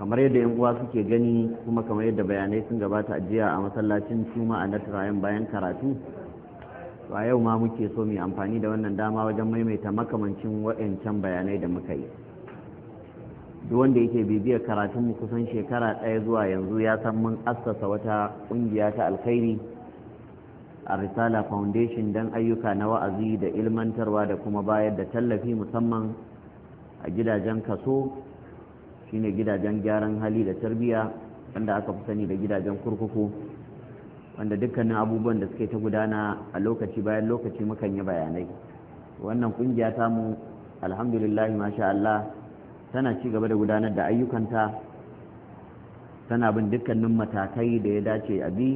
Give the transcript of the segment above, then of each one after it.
kamar yadda yan uwa suke gani kuma kamar yadda bayanai sun gabata a jiya a masallacin juma'a na turayen bayan karatu to a yau ma muke so mai amfani da wannan dama wajen maimaita makamancin waɗancan bayanai da muka yi duk wanda yake bibiyar karatun mu kusan shekara ɗaya zuwa yanzu ya san mun assasa wata ƙungiya ta alkhairi a risala foundation don ayyuka na wa'azi da ilmantarwa da kuma bayar da tallafi musamman a gidajen kaso shine gidajen gyaran hali da tarbiyya wanda aka fi sani da gidajen kurkuku wanda dukkanin abubuwan da suke ta gudana a lokaci bayan lokaci mukan yi bayanai wannan kungiya tamu alhamdulillah masha Allah tana ci gaba da gudanar da ayyukanta tana bin dukkanin matakai da ya dace a bi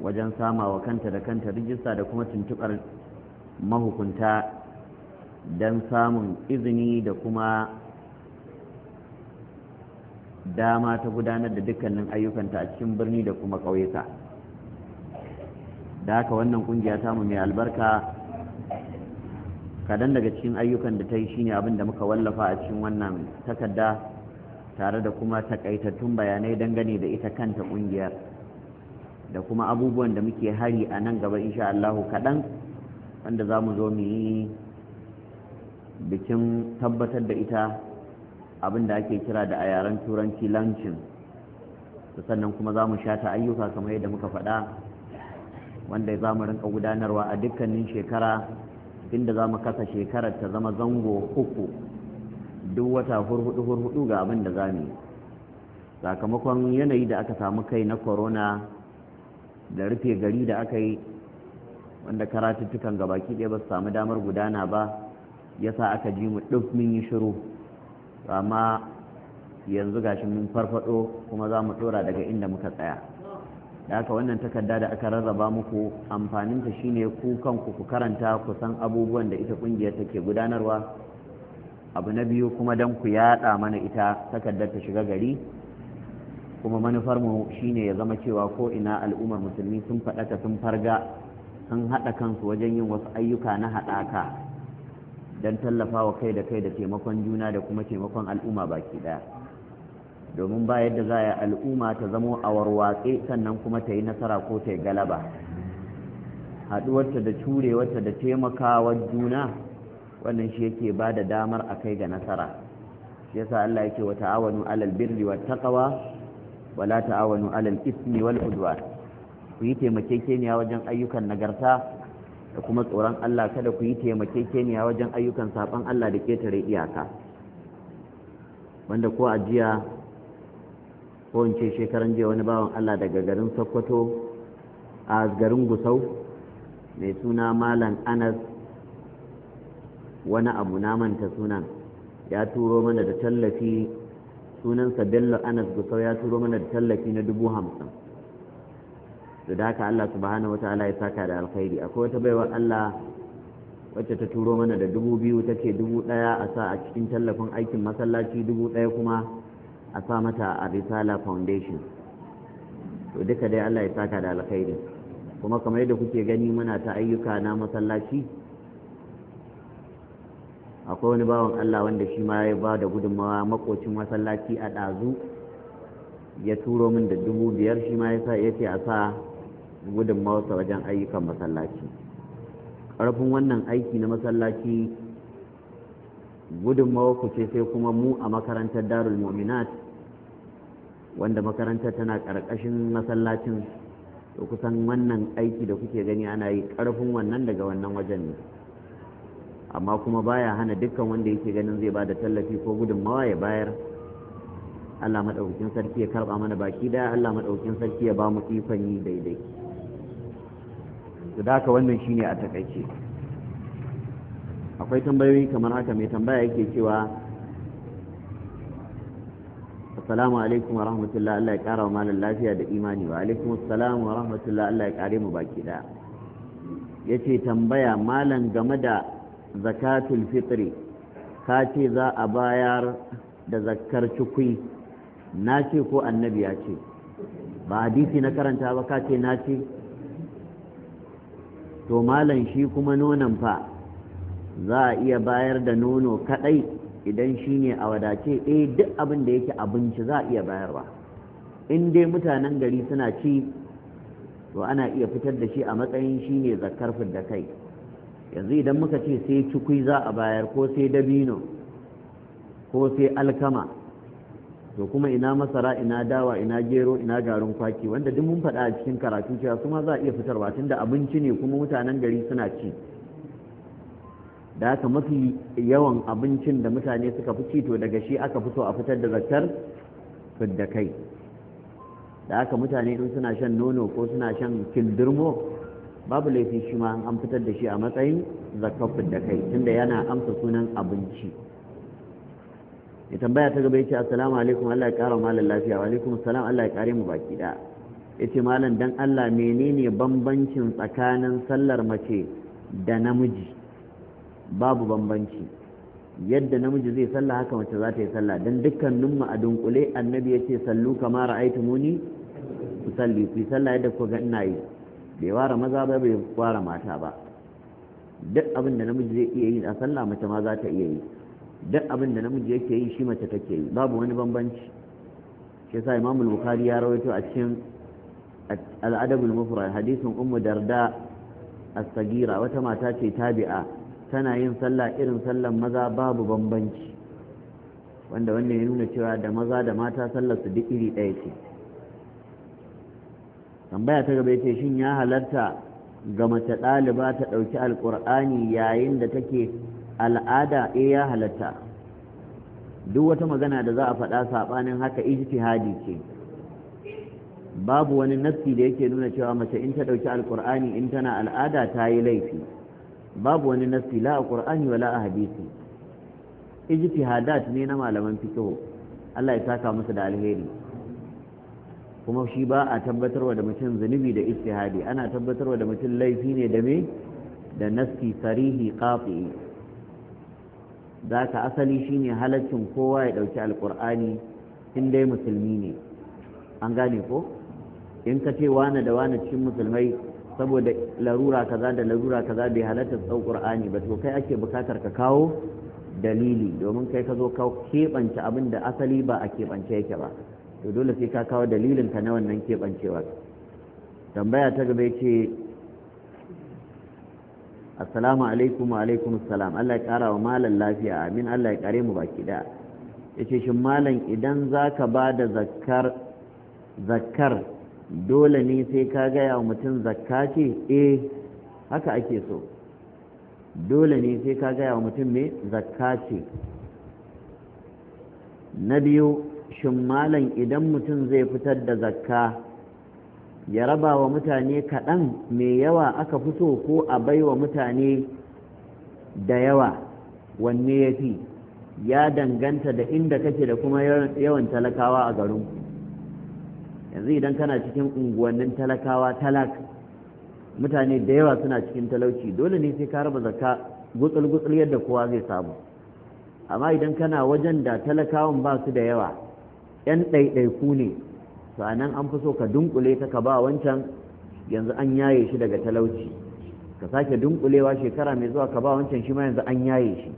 wajen sama wa kanta da kanta rijista da kuma tuntuɓar mahukunta don samun izini da kuma dama ta gudanar da dukkanin ayyukanta a cikin birni da kuma ƙauyuka da haka wannan ta mu mai albarka kadan daga cikin ayyukan da ta yi shine abin da muka wallafa a cikin wannan takarda tare da kuma takaitattun bayanai dangane da ita kanta ƙungiyar da kuma abubuwan da muke hari a nan gaba insha Allahu kaɗan wanda za mu zo mu yi bikin tabbatar da ita Abinda ake kira da a yaren turanci lancin sannan kuma za mu shata ayyuka kamar yadda muka faɗa wanda za mu rinka gudanarwa a dukkanin shekara inda za mu kasa shekarar ta zama zango uku duk wata hurhudu hurhudu ga abin da za mu yi sakamakon yanayi da aka samu kai na corona da rufe gari da aka yi wanda karatuttukan baki ɗaya ba su samu damar gudana ba yasa aka ji mu ɗuf mun yi shiru amma yanzu gashi mun farfado kuma za mu tsora daga inda muka tsaya da aka wannan takarda da aka rarraba muku amfaninta shine ku kanku ku karanta ku san abubuwan da ita kungiyar take gudanarwa abu na biyu kuma dan ku yada mana ita takardar ta shiga gari kuma manufar mu shine ya zama cewa ko ina al'ummar musulmi sun faɗaka sun farga sun haɗa kansu wajen yin wasu ayyuka na haɗaka don tallafawa kai da kai da taimakon juna da kuma taimakon al'umma baki daya domin ba yadda za a al'umma ta zamo a warwatse sannan kuma ta yi nasara ko ta yi galaba haɗuwarta da turewarta da taimakawa juna wannan shi yake ba da damar a kai ga nasara shi yasa Allah yake wa ta'awanu alal birri wat taqwa wala ta'awanu alal ismi wal udwan ku yi taimakekeniya wajen ayyukan nagarta da kuma tsoron Allah kada ku yi taimake taimakekeniya wajen ayyukan saɓon Allah da ketare iyaka wanda ko a jiya ko in ce shekaran jiya wani bawan Allah daga garin Sokoto a garin Gusau mai suna Malam Anas wani abu na manta sunan ya turo mana da tallafi sunansa Bello Anas Gusau ya turo mana da tallafi na dubu hamsin da haka Allah subhanahu ta'ala ya saka da alkhairi akwai wata baiwar Allah wacce ta turo mana da dubu biyu ta dubu ɗaya a sa a cikin tallafin aikin masallaci dubu ɗaya kuma a sa mata a risala foundation to duka dai Allah ya saka da alkhairi kuma kamar yadda kuke gani muna ta ayyuka na masallaci akwai wani bawan Allah wanda shi ma ya ba da gudunmawa makocin masallaci a ɗazu ya turo min da dubu biyar shi ma ya ce a sa gudunmawarsa wajen ayyukan masallaci ƙarfin wannan aiki na masallaci gudunmawarku ce sai kuma mu a makarantar darul mominat wanda makarantar tana ƙarƙashin masallacin to kusan wannan aiki da kuke gani ana yi ƙarfin wannan daga wannan wajen ne amma kuma baya hana dukkan wanda yake ganin zai bada tallafi ko gudunmawa ya bayar Allah maɗaukakin sarki ya karɓa mana baki ɗaya Allah maɗaukakin sarki ya ba mu ikon yi daidai da haka wannan shine a takaice akwai tambayoyi kamar haka mai tambaya yake cewa assalamu alaikum wa rahmatullahi Allah ya kara wa malam lafiya da imani wa alaikum assalam wa rahmatullahi Allah ya kare mu baki da yace tambaya malam game da zakatul fitri ka ce za a bayar da zakkar cikui na ce ko annabi ya ce ba hadisi na karanta ba ka ce na ce to malam shi kuma nonon fa za a iya bayar da nono kadai idan shi ne a wadace eh duk abin da yake abinci za a iya bayarwa in dai mutanen gari suna ci to ana iya fitar da shi a matsayin shi ne zakar da kai yanzu idan muka ce sai cikui za a bayar ko sai dabino ko sai alkama to kuma ina masara ina dawa ina gero ina garin kwaki wanda duk mun faɗa a cikin karatu cewa su ma za a iya fitarwa tunda abinci ne kuma mutanen gari suna ci da haka mafi yawan abincin da mutane suka fi ci to daga shi aka fito a fitar da zakkar fidda kai da haka mutane in suna shan nono ko suna shan kildirmo babu laifi shi ma an fitar da shi a matsayin zakkar da kai tunda yana amsa sunan abinci ya tambaya ta gaba yace assalamu alaikum Allah ya kara malan lafiya wa alaikum assalam Allah ya kare mu baki da yace malam dan Allah menene bambancin tsakanin sallar mace da namiji babu bambanci yadda namiji zai salla haka mace za ta yi salla dan dukkanin mu a dunkule annabi yace sallu kama ra'aytumuni usalli ku salla yadda ku ga ina yi bai ware maza ba bai ware mata ba duk abin da namiji zai iya yi a sallah mace ma za ta iya yi duk abin da namiji yake yi shi mace take yi babu wani bambanci shi yasa Imam Bukhari ya rawaito a cikin Al-Adab hadisin Ummu Darda as-Sagira wata mata ce tabi'a tana yin sallah irin sallan maza babu bambanci wanda wannan ya nuna cewa da maza da mata sallar su duk iri ɗaya ce tambaya ta gaba ce shin ya halarta ga mace ɗaliba ta ɗauki alƙur'ani yayin da take al'ada e ya halatta duk wata magana da za a faɗa saɓanin haka ijtihadi ce babu wani nassi da yake nuna cewa mace in ta ɗauki alƙur'ani in tana al'ada ta yi laifi babu wani nassi la a ƙur'ani wala a hadisi ijtihadat ne na malaman fiqh Allah ya saka musu da alheri kuma shi ba a tabbatarwa da mutum zunubi da ijtihadi ana tabbatarwa da mutum laifi ne da me da nassi sarihi qati'i da ka asali shine halaccin kowa ya ɗauki alƙur'ani in dai musulmi ne an gane ko in ka ce wane da wane cikin musulmai saboda larura kaza da larura kaza bai halatta tsau qur'ani ba to kai ake bukatar ka kawo dalili domin kai ka zo ka keɓance abin da asali ba a keɓance yake ba to dole sai ka kawo dalilin ka na wannan keɓancewa tambaya ta gaba ce assalamu alaikum wa alaikum assalam Allah ya kara wa malan lafiya amin Allah ya kare mu baki da yace shin malan idan zaka bada zakkar zakkar dole ne sai ka gaya wa mutum zakka ce eh haka ake so dole ne sai ka gaya wa mutum me zakka ce na biyu shin malan idan mutum zai fitar da zakka ya raba wa mutane kaɗan mai yawa aka fi so ko a bai wa mutane da yawa wanne ya fi ya danganta da inda kake da kuma yawan talakawa a garin yanzu idan kana cikin unguwannin talakawa talak mutane da yawa suna cikin talauci dole ne sai ka raba zakka gutsul-gutsul yadda kowa zai samu amma idan kana wajen da talakawan ba su da yawa 'yan ɗaiɗaiku ne sanan an fi so ka dunkule ta ka ba wancan yanzu an yaye shi daga talauci ka sake dunkulewa shekara mai zuwa ka ba wancan shi ma yanzu an yaye shi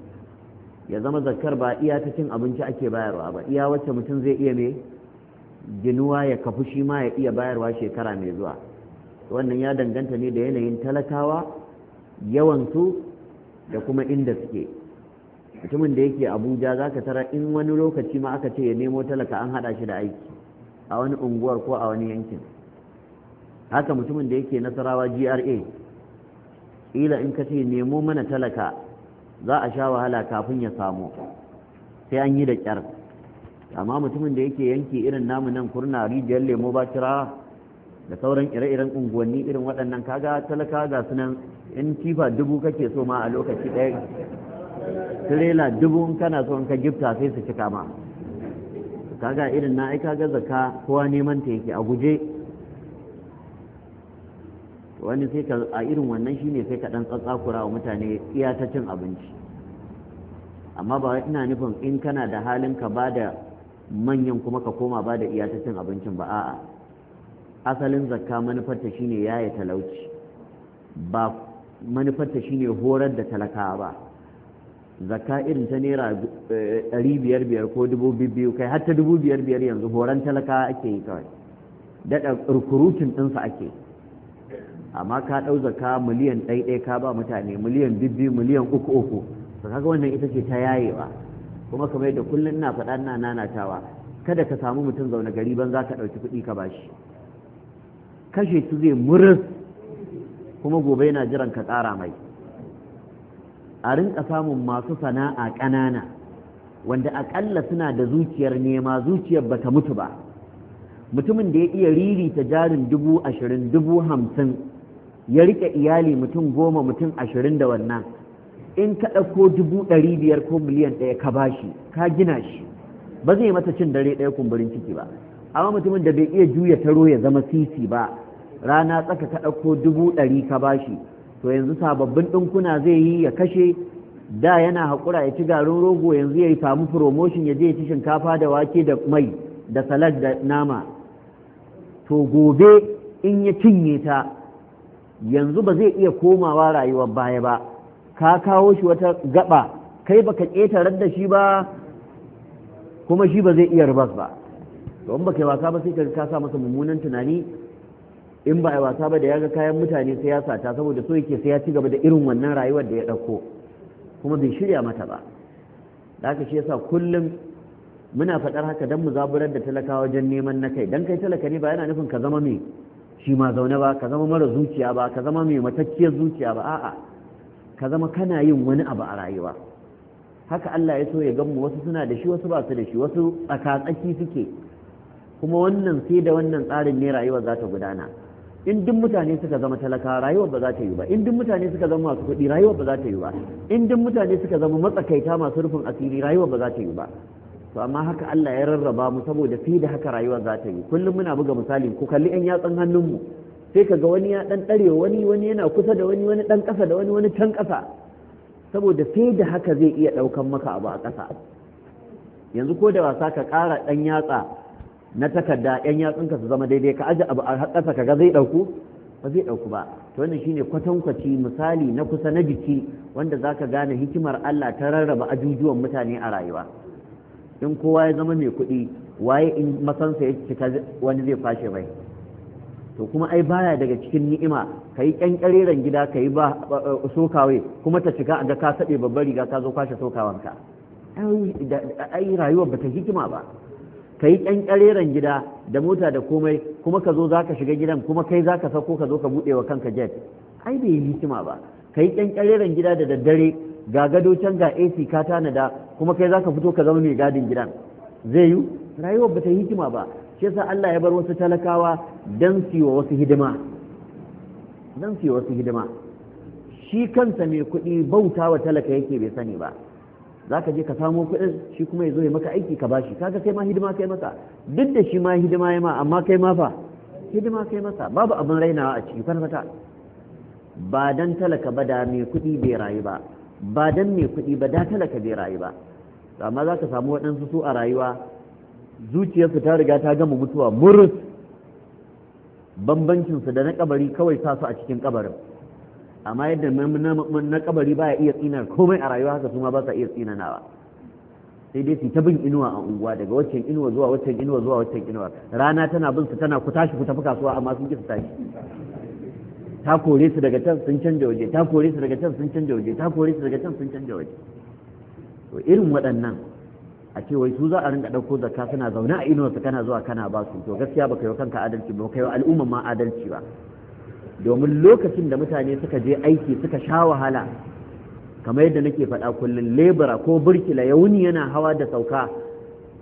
ya zama zakar ba iya ta cin abinci ake bayarwa ba iya wacce mutum zai iya mai ginuwa ya kafu shi ma ya iya bayarwa shekara mai zuwa wannan ya danganta ne da yanayin talakawa yawansu da kuma inda suke mutumin da yake abuja zaka tara in wani lokaci ma aka ce ya nemo talaka an hada shi da aiki a wani unguwar ko a wani yankin haka mutumin da yake nasarawa gra ila in ka ce nemo mana talaka za a sha wahala kafin ya samu sai an yi da kyar amma mutumin da yake yanki irin namu nan kurna rijiyar lemo ba kira da sauran ire-iren unguwanni irin waɗannan kaga talaka ga sunan in kifa dubu kake so ma a lokaci ɗaya tirela dubu in kana so in ka gifta sai su cika ma kaga irin na aika ga zaka kowa neman ta yake a guje wani sai ka a irin wannan shine sai ka dan tsatsakura wa mutane iya ta cin abinci amma ba ina nufin in kana da halin ka bada manyan kuma ka koma bada iya ta cin abincin ba a'a asalin zakka manufarta shine yaya talauci ba manufarta shine horar da talakawa ba zaka irin ta naira eh, ɗari biyar biyar ko dubu biyu kai har dubu biyar biyar yanzu horon talaka ake yi kawai daɗa rukurutun ɗinsa ake amma ka ɗau zakka miliyan ɗaiɗai ka ba mutane miliyan biyu miliyan uku uku to kaga wannan ita ce ta yayewa kuma kamar yadda kullum ina faɗa ina nanatawa kada ka samu mutum zaune gari ban za ka ɗauki kuɗi ka bashi kashe su zai muris kuma gobe yana jiran ka ƙara mai a rinka samun masu sana'a ƙanana wanda aƙalla suna da zuciyar nema zuciyar bata mutu ba mutumin da ya iya ririta jarin dubu ashirin dubu hamsin ya riƙe iyali mutum goma mutum ashirin da wannan in ka ɗauko dubu ɗari biyar ko miliyan ɗaya ka bashi ka gina shi ba zai mata cin dare ɗaya kumburin ciki ba amma mutumin da bai iya juya taro ya zama sisi ba rana tsaka ka ɗauko dubu ɗari ka bashi to yanzu sababbin ɗinkuna zai yi ya kashe da yana haƙura ya ci garin rogo yanzu ya yi samu promotion ya je ya ci shinkafa da wake da mai da salad da nama to gobe in ya cinye ta yanzu ba zai iya komawa rayuwar baya ba ka kawo shi wata gaba kai baka ƙetarar da shi ba kuma shi ba zai iya rubas ba don ba kai wasa ba sai ka sa masa mummunan tunani in ba a wasa ba da ya ga kayan mutane sai ya sata saboda so yake sai ya ci gaba da irin wannan rayuwar da ya ɗauko kuma bai shirya mata ba da haka shi yasa kullum muna faɗar haka don mu zaburar da talaka wajen neman na kai don kai talaka ne ba yana nufin ka zama mai shi ma zaune ba ka zama mara zuciya ba ka zama mai matacciyar zuciya ba a'a ka zama kana yin wani abu a rayuwa haka Allah ya so ya gamu wasu suna da shi wasu ba su da shi wasu tsaka tsaki suke kuma wannan sai da wannan tsarin ne rayuwa za ta gudana in duk mutane suka zama talaka rayuwar ba za ta yi ba in duk mutane suka zama masu kuɗi rayuwar ba za ta yi ba in duk mutane suka zama matsakaita masu rufin asiri rayuwar ba za ta yi ba to amma haka Allah ya rarraba mu saboda fi da haka rayuwar za ta yi kullum muna buga misali ku kalli yan yatsan hannunmu sai ka ga wani ya dan ɗarewa wani wani yana kusa da wani wani dan ƙasa da wani wani can ƙasa saboda fi da haka zai iya ɗaukan maka abu a ƙasa yanzu ko da wasa ka ƙara ɗan yatsa na takarda yan yatsunka su zama daidai ka aje abu a haƙasa ka ga zai ɗauku ba zai ɗauku ba to wannan shine kwatankwaci misali na kusa na jiki wanda zaka gane hikimar Allah ta rarraba ajujuwan mutane a rayuwa in kowa ya zama mai kuɗi waye in masansa ya cika wani zai fashe mai? to kuma ai baya daga cikin ni'ima ka yi ƙyanƙyareren gida ka yi ba sokawai, kuma ta cika a ga ka saɓe babbar riga ka zo kwashe sokawanka ai rayuwar ba ta hikima ba ka yi ƙyanƙyareren gida da mota da komai kuma ka zo za ka shiga gidan kuma kai za ka sauko ka zo ka buɗe wa kanka jet ai bai yi hikima ba ka yi ƙyanƙyareren gida da daddare ga gado can ga ac ka tanada kuma kai za ka fito ka zama mai gadin gidan zai yi rayuwar ba ta yi hikima ba shi yasa Allah ya bar wasu talakawa dan su wa wasu hidima dan su wasu hidima shi kansa mai kuɗi bauta wa talaka yake bai sani ba za ka je ka samo kuɗin shi kuma ya zo ya maka aiki ka bashi kaga kai ma hidima kai masa duk da shi ma hidima ya ma amma kai ma fa hidima kai masa babu abin rainawa a ciki farfata ba dan talaka ba da mai kuɗi bai rayu ba ba dan mai kuɗi ba da talaka bai rayu ba amma za ka samu waɗansu su a rayuwa zuciyarsu ta riga ta gama mutuwa murus bambancinsu da na kabari kawai sa su a cikin kabarin amma yadda na kabari baya iya tsinar komai a rayuwa haka su ma ba sa iya tsinanawa sai dai su ta bin inuwa a unguwa daga waccan inuwa zuwa waccan inuwa zuwa waccan inuwa rana tana bin su tana ku tashi ku tafi kasuwa amma sun ki su tashi ta kore su daga can sun canja waje ta kore su daga can sun canja waje ta kore su daga can sun canja waje to irin waɗannan a ce wai su za a rinka ɗauko zakka suna zaune a inuwarsa kana zuwa kana ba su to gaskiya baka yi kanka adalci ba ka yi al'umma ma adalci ba domin lokacin da mutane suka je aiki suka sha wahala kamar yadda nake faɗa kullum lebura ko burkila ya wuni yana hawa da sauka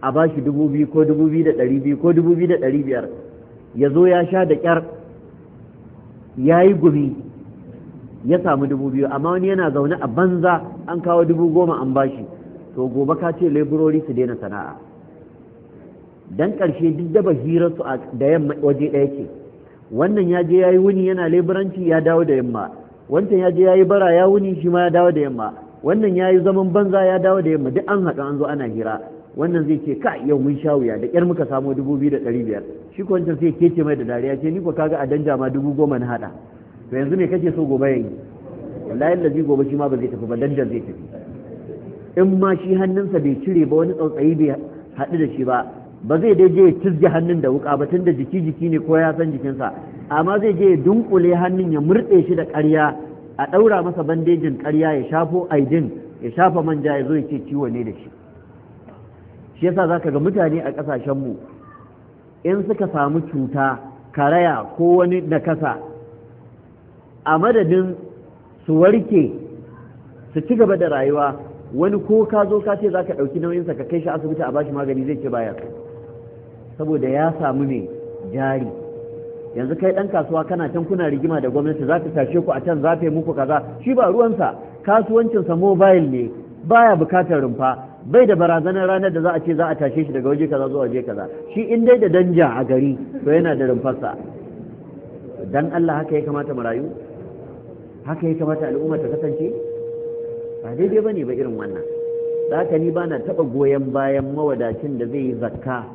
a ba shi dubu biyu ko dubu biyu da ɗari biyu ko dubu biyu da ɗari biyar ya zo ya sha da ƙyar ya yi gumi ya samu dubu biyu amma wani yana zaune a banza an kawo dubu goma an bashi to gobe ka ce leburori su daina sana'a dan ƙarshe duk da daba hirarsu da yamma waje ɗaya ke. wannan ya je ya yi wuni yana leburanci ya dawo da yamma wancan ya je ya yi bara ya wuni shi ma ya dawo da yamma wannan ya yi zaman banza ya dawo da yamma duk an haɗu an zo ana hira wannan zai ce ka yau mun sha wuya da kyar muka samo dubu da ɗari biyar shi ko wancan sai kece mai da dariya ce ni ko kaga a danja ma dubu goma na haɗa to yanzu me kake so gobe yayi wallahi lazi gobe shi ma ba zai tafi ba danjan zai tafi in ma shi hannunsa bai cire ba wani tsautsayi bai haɗu da shi ba ba zai dai ya cizge hannun da wuka ba tunda jiki jiki ne ko ya san jikinsa amma zai je ya dunkule hannun ya murɗe shi da ƙarya a ɗaura masa bandejin ƙarya ya shafo aidin ya shafa manja ya zo ya ce ciwo ne da shi shi yasa ka ga mutane a ƙasashenmu in suka samu cuta karaya ko wani nakasa a madadin su warke su ci gaba da rayuwa wani ko ka zo ka ce za ka ɗauki nauyinsa ka kai shi asibiti a bashi magani zai ce baya so saboda ya samu ne jari yanzu kai ɗan kasuwa kana can kuna rigima da gwamnati za ta tashe ku a can za ta yi muku kaza shi ba ruwansa kasuwancinsa mobile ne baya bukatar rumfa bai da barazanar ranar da za a ce za a tashe shi daga waje kaza zuwa waje kaza shi in dai da danja a gari to yana da rumfarsa dan Allah haka ya kamata marayu haka ya kamata al'umma ta kasance ba daidai bane ba irin wannan da haka ni bana taba goyon bayan mawadacin da zai yi zakka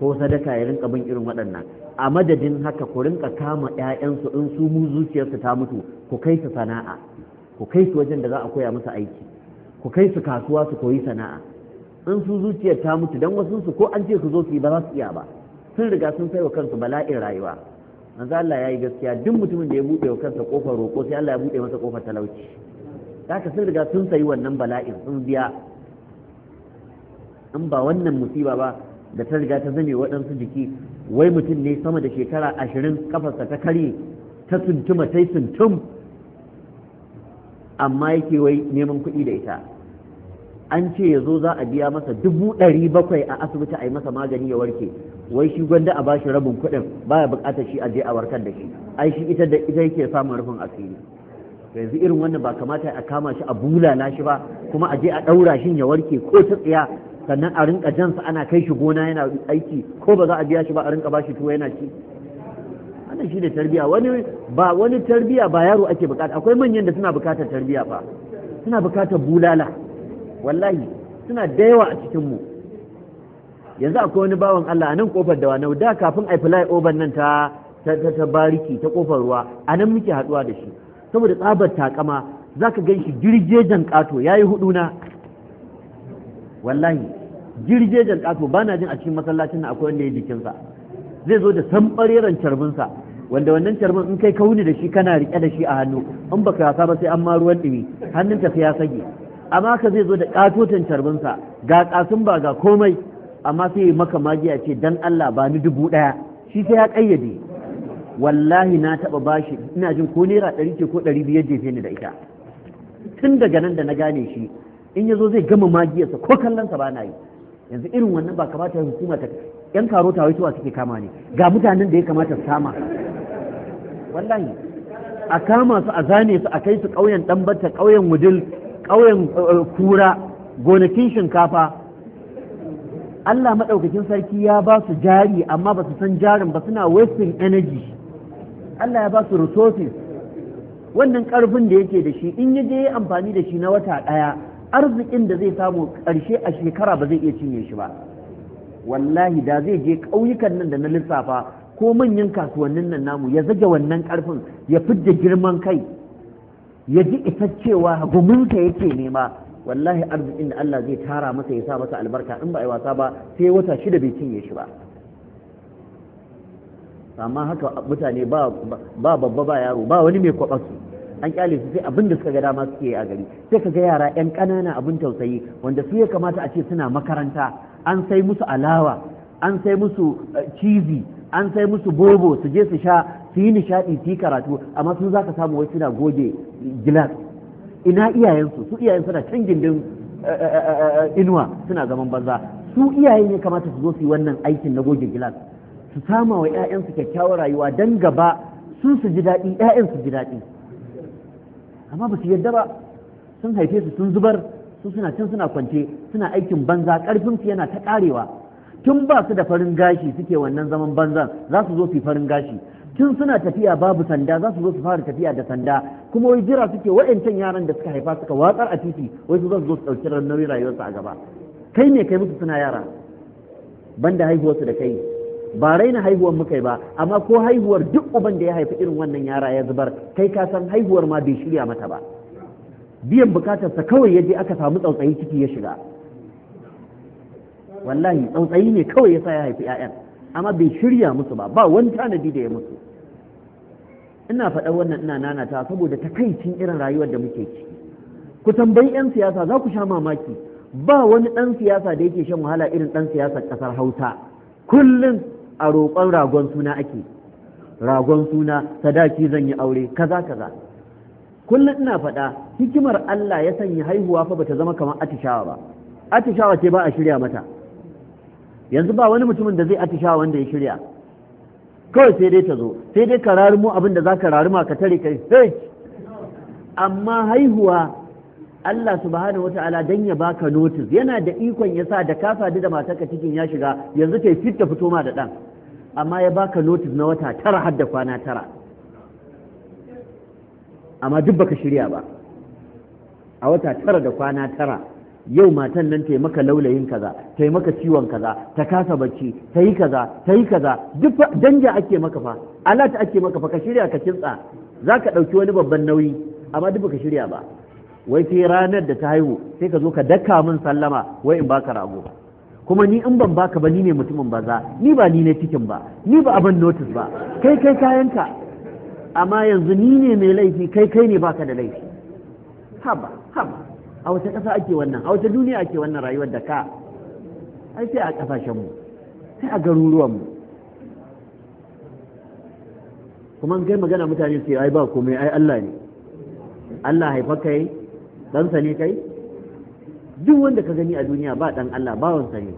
ko sadaka ya rinka bin irin waɗannan a madadin haka ku rinka kama ƴaƴansu in su mu zuciyarsu ta mutu ku kai su sana'a ku kai su wajen da za a koya musu aiki ku kai su kasuwa su koyi sana'a in su zuciyar ta mutu dan wasu su ko an ce su zo su yi ba za su iya ba sun riga sun sai wa kansu bala'in rayuwa manzo Allah yayi gaskiya duk mutumin da ya buɗe wa kansa kofar roƙo sai Allah ya buɗe masa kofar talauci haka sun riga sun sayi wannan bala'in sun biya in ba wannan musiba ba da ta riga ta zame waɗansu jiki wai mutum ne sama da shekara ashirin kafarsa ta karye ta tuntuma ta tuntum amma yake wai neman kuɗi da ita an ce ya zo za a biya masa dubu ɗari bakwai a asibiti a yi masa magani ya warke wai shi gwanda a bashi rabin kuɗin Ba ya buƙatar shi a je a warkar da shi ai shi ita da ita yake samun rufin asiri yanzu irin wannan ba kamata a kama shi a na shi ba kuma a je a ɗaura shi ya warke ko ta tsaya. sannan a rinka jansa ana kai shi gona yana aiki ko ba za a biya shi ba a rinka bashi tuwo yana ci wannan shi ne tarbiya wani ba wani tarbiya ba yaro ake bukata akwai manyan da suna bukatar tarbiya fa suna bukatar bulala wallahi suna da yawa a cikin mu yanzu akwai wani bawan Allah a nan kofar da wani da kafin ai fly over nan ta ta ta bariki ta kofar ruwa a nan muke haduwa da shi saboda tsabar takama zaka gan shi girgejen kato yayi na wallahi girgejen ƙato ba na jin a cikin masallacin nan akwai wanda ya jikinsa zai zo da sambareren carbinsa wanda wannan carbin in kai kauni da shi kana riƙe da shi a hannu in baka yasa ba sai an ma ruwan Hannun ta sai ya sage amma ka zai zo da ƙatoton carbinsa ga ƙasun ba ga komai amma sai ya maka magiya ce dan Allah ba ni dubu ɗaya shi sai ya ƙayyade wallahi na taɓa bashi ina jin ko naira ɗari ce ko ɗari biyar jefe ni da ita tun daga nan da na gane shi in ya zo zai gama magiyarsa ko kallonsa ba na yi yanzu irin wannan ba kamata ya hukuma ta yan karo ta suwa suke kama ne ga mutanen da ya kamata su kama wallahi a kama su a zane su a kai su ƙauyen ɗambata ƙauyen wudil ƙauyen eh, eh, kura gonakin shinkafa Allah maɗaukakin sarki ya ba su jari amma ba su san jarin ba suna wasting energy Allah ya ba su resources wannan ƙarfin da yake da shi in ya je amfani da shi na wata ɗaya arzikin da zai samu ƙarshe a shekara ba zai iya cinye shi ba wallahi da zai je ƙauyukan nan da na lissafa ko manyan kasuwannin nan namu ya zage wannan ƙarfin ya fidda girman kai ya ji isaccewa guminka yake nema wallahi arzikin da Allah zai tara masa ya sa masa albarka in ba a yi wasa ba sai wata shida bai cinye shi ba amma haka mutane ba babba ba yaro ba wani mai kwaɓa an kyale su sai abin da suka ga dama suke a gari sai ka ga yara yan ƙanana abin tausayi wanda su ya kamata a ce suna makaranta an sai musu alawa an sai musu eh, cizi an sai musu bobo su je su sha su yi nishaɗi su yi karatu amma sun za ka samu wai suna goge gilas ina iyayensu su iyayen suna can gindin eh, eh, inuwa suna zaman banza su iyayen ya kamata su zo su yi wannan aikin na goge gilas su sama wa 'ya'yansu kyakkyawar rayuwa don gaba sun su ji daɗi 'ya'yan ji daɗi amma ba su yadda ba sun haife su sun zubar su suna can suna kwance suna aikin banza karfin su yana ta karewa tun ba su da farin gashi suke wannan zaman banzan za su zo su farin gashi tun suna tafiya babu sanda za su zo su fara tafiya da sanda kuma wai jira suke wa'ancan yaran da suka haifa suka watsar a titi wai su zo su ɗauki nauyin rayuwarsu a gaba kai ne kai musu suna yara banda haihuwarsu da kai ba raina haihuwar muka yi ba amma ko haihuwar duk uban da ya haifi irin wannan yara ya zubar kai ka san haihuwar ma bai shirya mata ba biyan sa kawai ya je aka samu tsautsayi ciki ya shiga wallahi tsautsayi ne kawai yasa ya haifi 'ya'yan amma bai shirya musu ba ba wani tanadi da ya musu ina faɗa wannan ina nanata saboda takaicin irin rayuwar da muke ciki ku tambayi 'yan siyasa za ku sha mamaki ba wani ɗan siyasa da yake shan wahala irin ɗan siyasar ƙasar hausa kullum a roƙon ragon suna ake ragon suna sadaki zan yi aure kaza kaza kullum ina faɗa hikimar Allah ya sanya haihuwa fa bata zama kamar atishawa ba atishawa ce ba a shirya mata yanzu ba wani mutumin da zai atishawa wanda ya shirya kawai sai dai ta zo sai dai ka rarumo abin da za ka raruma ka tare kai hey amma haihuwa Allah subhanahu wata'ala dan ya baka notice yana da ikon yasa da ka sadu da matarka cikin ya shiga yanzu kai fit ta fito ma da dan amma ya baka notice na wata tara har da kwana tara amma duk baka shirya ba a wata tara da kwana tara yau matan nan ta maka laulayin kaza ta maka ciwon kaza ta kasa bacci ta yi kaza ta yi kaza duk danja ake maka fa alat ake maka fa ka shirya ka kintsa za ka ɗauki wani babban nauyi amma duk baka shirya ba wai sai ranar da ta haihu sai ka zo ka daka min sallama wai in baka rago kuma ni in ban baka ba ni ne mutumin banza ni ba ni ne cikin ba ni ba abin notice ba kai kai kayanka amma yanzu ni ne mai laifi kai kai ne baka da laifi haba haba a wata ƙasa ake wannan a wata duniya ake wannan rayuwar da ka ai sai a ƙasashenmu sai a garuruwanmu kuma in kai magana mutane su ai ba komai ai Allah ne Allah haifa kai ɗansa ne kai duk wanda ka gani a duniya ba dan Allah bawansa ne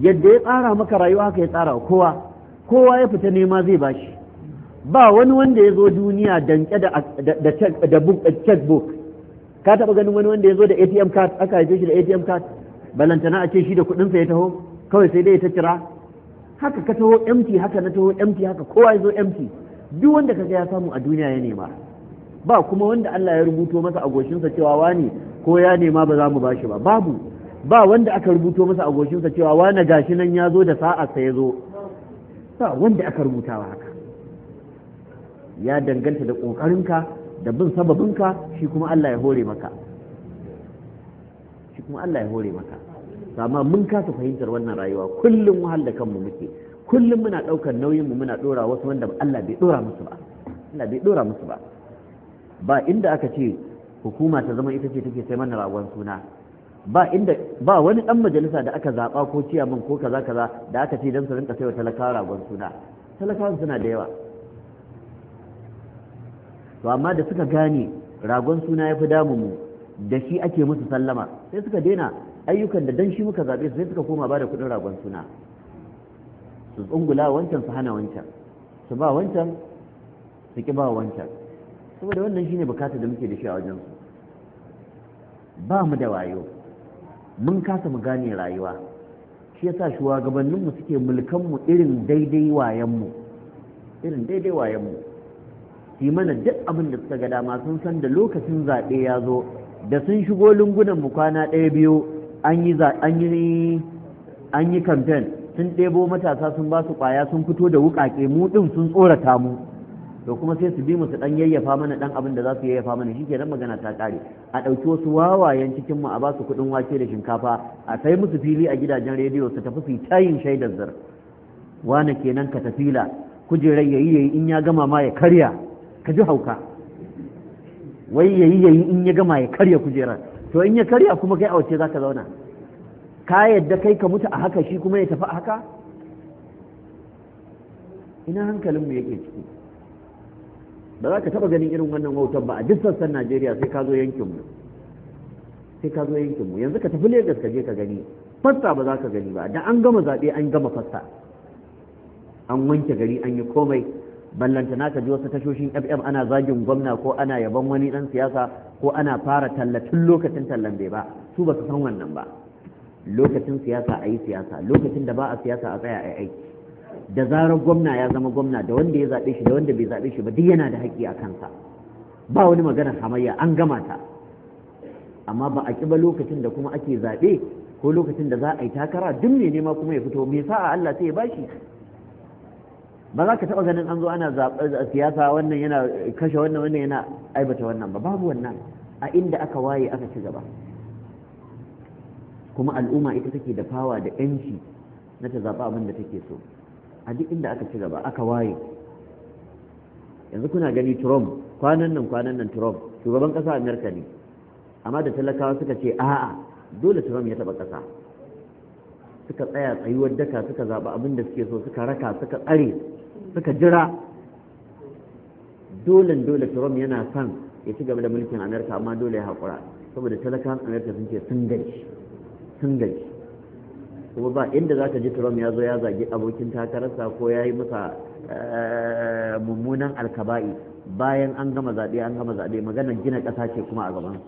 yadda ya tsara maka rayuwa haka ya tsara kowa kowa ya fita nema zai bashi ba wani wanda ya zo duniya danke da checkbook ka taba ganin wani wanda ya zo da ATM card aka haife shi da ATM card balantana a ce shi da kuɗinsa ya taho kawai sai dai ya ta kira haka ka taho empty haka na taho empty haka kowa ya zo empty duk wanda kaga ya samu a duniya ya nema ba kuma wanda Allah ya rubuto masa a goshinsa cewa wani ko ya nema ba za mu bashi ba babu ba wanda aka rubuto masa a goshinsa cewa wani gashi nan ya zo da sa'arsa ya zo ba wanda aka rubuta wa haka ya danganta da ƙoƙarinka da bin sababinka shi kuma Allah ya hore maka shi kuma Allah ya hore maka amma mun kasa fahimtar wannan rayuwa kullum wahal da kanmu muke kullum muna ɗaukar nauyin mu muna ɗora wasu wanda Allah bai ɗora musu ba Allah bai ɗora musu ba ba inda aka ce hukuma ta zama ita ce take sai mana ragon suna ba inda ba wani dan majalisa da aka zaba ko min ko kaza kaza da aka ce dan su rinka saiwa talakawa ragon suna talakawan suna da yawa to amma da suka gane ragon suna ya fi damu mu da shi ake musu sallama sai suka daina ayyukan da dan shi muka zabe sai suka koma ba da kudin ragon suna su tsungula wancan su hana wancan su ba wancan su ki ba wancan saboda wannan shine bukata da muke da shi a wajen su ba mu da wayo mun kasa mu gane rayuwa shi yasa shugabannin mu suke mulkan mu irin daidai wayan mu irin daidai wayan mu mana duk abin da suka ga dama sun san da lokacin zaɓe ya zo da sun shigo lungunan mu kwana ɗaya biyu an yi an yi an yi kamfen sun ɗebo matasa sun ba su ƙwaya sun fito da wuƙaƙe mu ɗin sun tsorata mu to kuma sai su bi musu su dan yayyafa mana dan abin da za su yayyafa mana shi kenan magana ta kare a ɗauki wasu wawayen cikin mu a ba su kuɗin wake da shinkafa a kai musu fili a gidajen rediyo su tafi su tayin shaidar zar wane kenan ka tafila kujerar yayi yayi in ya gama ma ya karya ka ji hauka wai yayi yayi in ya gama ya karya kujerar to in ya karya kuma kai a wace za ka zauna ka yadda kai ka mutu a haka shi kuma ya tafi a haka ina mu yake ciki ba za ka taba ganin irin wannan wautar ba a duk sassan Najeriya sai ka zo yankin sai ka zo yankinmu yanzu ka tafi Lagos ka je ka gani fassa ba za ka gani ba da an gama zaɓe an gama fassa an wanke gari an yi komai ballanta na ka ji wasu tashoshin FM ana zagin gwamna ko ana yaban wani dan siyasa ko ana fara tallatin lokacin tallan bai ba su ba su san wannan ba lokacin siyasa a yi siyasa lokacin da ba a siyasa a tsaya a aiki da zarar gwamna ya zama gwamna da wanda ya zaɓe shi da wanda bai zaɓe shi ba duk yana da haƙƙi a kansa ba wani maganar hamayya an gama ta amma ba a ƙiba lokacin da kuma ake zaɓe ko lokacin da za a yi takara duk mai nema kuma ya fito me sa'a Allah sai ya bashi ba za ka taɓa ganin an zo ana siyasa wannan yana kashe wannan wannan yana aibata wannan ba babu wannan a inda aka waye aka ci gaba kuma al'umma ita take da fawa da 'yanci na ta zaɓa abin da take so a duk inda aka ci gaba aka waye yanzu kuna gani trump kwanan nan kwanan nan trump shugaban kasa amerika ne amma da talakawa suka ce a'a dole trump ya taba kasa suka tsaya tsayuwar daka suka zaba abin da suke so suka raka suka tsare suka jira dole dole trump yana son ya ci gaba da mulkin amerika amma dole ya haƙura saboda talakawan amerika sun ce sun gaji sun gaji kuma ba inda za ka ji Trump ya zo ya zagi abokin takararsa ko ya yi masa eh, mummunan alkaba'i bayan an gama zaɓe an gama zaɓe maganar gina ƙasa ce kuma a gaban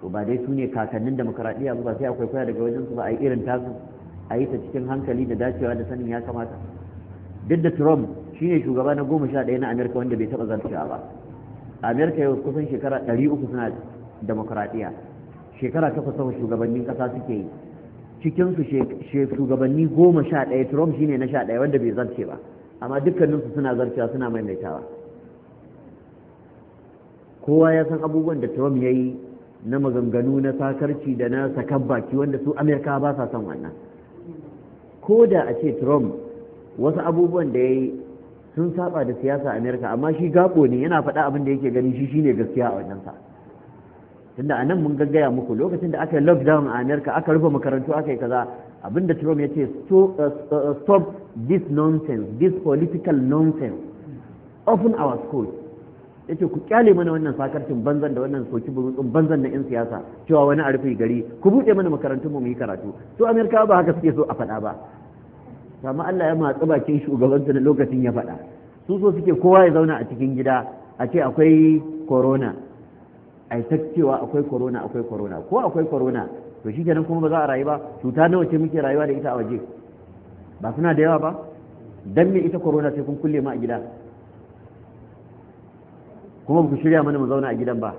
to ba dai su ne kakannin demokaradiyya ba sai akwai kwaya daga wajen su ba a yi irin tasu a yi ta cikin hankali da dacewa da sanin ya kamata duk da Trump shi ne shugaba na goma sha ɗaya na Amerika wanda bai taɓa zartawa ba Amerika yau kusan shekara ɗari uku suna demokaradiyya shekara takwas shugabannin ƙasa suke yi cikinsu shugabanni goma sha ɗaya trump shine na sha ɗaya wanda bai zarce ba amma su suna zarcewa suna maimaitawa kowa ya san abubuwan da trump ya yi na maganganu na sakarci da na sakan baki wanda su amerika ba sa son wannan ko da a ce trump wasu abubuwan da ya yi sun saba da siyasa amerika amma shi gabo ne yana faɗa abin da yake gani shi shine gaskiya a wajensa. sa tunda a nan mun gaggaya muku lokacin da aka yi lockdown a amerika aka rufe makarantu aka yi kaza abinda trump ya ce eh, eh, stop this nonsense this political nonsense open our schools ya ce ku kyale mana wannan sakarcin banzan da wannan soki burutsun banzan na 'yan siyasa cewa wani a rufe gari ku buɗe mana makarantun mu yi karatu su amerika ba haka suke so a faɗa ba amma allah ya matsa bakin shugabansu na lokacin ya faɗa su so suke kowa ya zauna a cikin gida a ce akwai corona A ta cewa akwai corona akwai corona ko akwai corona to shi kenan kuma ba za a rayu ba cuta nawa ce muke rayuwa da ita a waje ba suna da yawa ba dan me ita corona sai kun kulle mu a gida kuma ba ku shirya mana mu zauna a gidan ba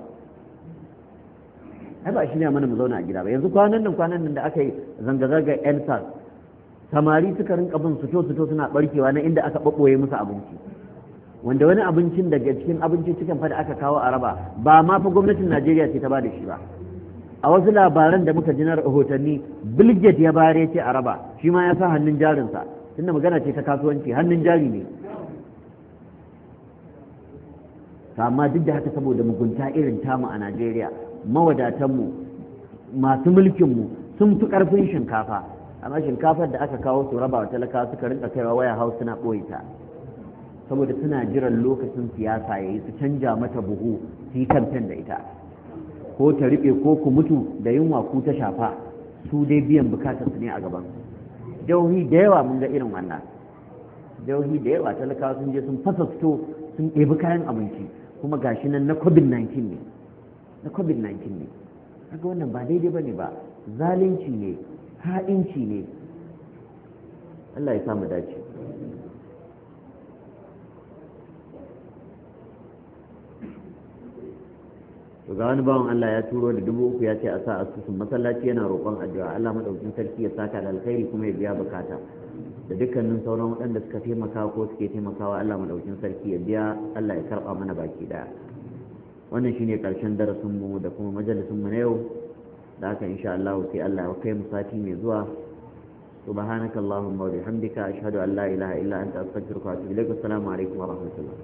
ai ba a shirya mana mu zauna a gida ba yanzu kwanan nan kwanan nan da aka yi zanga-zanga ensa samari suka rinka bin suto suto suna barkewa na inda aka ɓaɓɓoye musu abinci wanda wani abincin daga cikin abincin cikin fa da aka kawo a raba ba ma fa gwamnatin Najeriya ce ta ba da shi ba a wasu labaran da muka ji na rahotanni bilget ya bayar ya ce a raba shi ma ya sa hannun jarinsa tunda magana ce ta kasuwanci hannun jari ne amma duk da haka saboda mugunta irin tamu a Najeriya mawadatanmu masu mulkinmu sun fi karfin shinkafa amma shinkafar da aka kawo su raba wa talaka suka rinka kaiwa waya hausa na ɓoye ta saboda suna jiran lokacin siyasa ya yi su canja mata buhu su yi kamfen da ita ko ta riɓe ko ku mutu da yunwa ku ta shafa su dai biyan bukatar su ne a gaban jauhi da yawa mun ga irin wannan jauhi da yawa talakawa sun je sun fasa fito sun ɗebi kayan abinci kuma gashi nan na covid-19 ne na covid-19 ne kaga wannan ba daidai bane ba zalunci ne ha'inci ne Allah ya samu dace to ga wani bawan Allah ya turo da dubu uku ya ce a sa asusun masallaci yana roƙon addu'a Allah madaukakin sarki ya saka da alkhairi kuma ya biya bukata da dukkanin sauran waɗanda suka taimaka ko suke taimakawa Allah madaukakin sarki ya biya Allah ya karɓa mana baki daya wannan shine karshen darasin mu da kuma majalisin mu na yau da haka insha Allah sai Allah ya kai mu sati mai zuwa سبحانك اللهم وبحمدك أشهد أن لا إله إلا أنت أستغفرك وأتوب إليك والسلام عليكم wa الله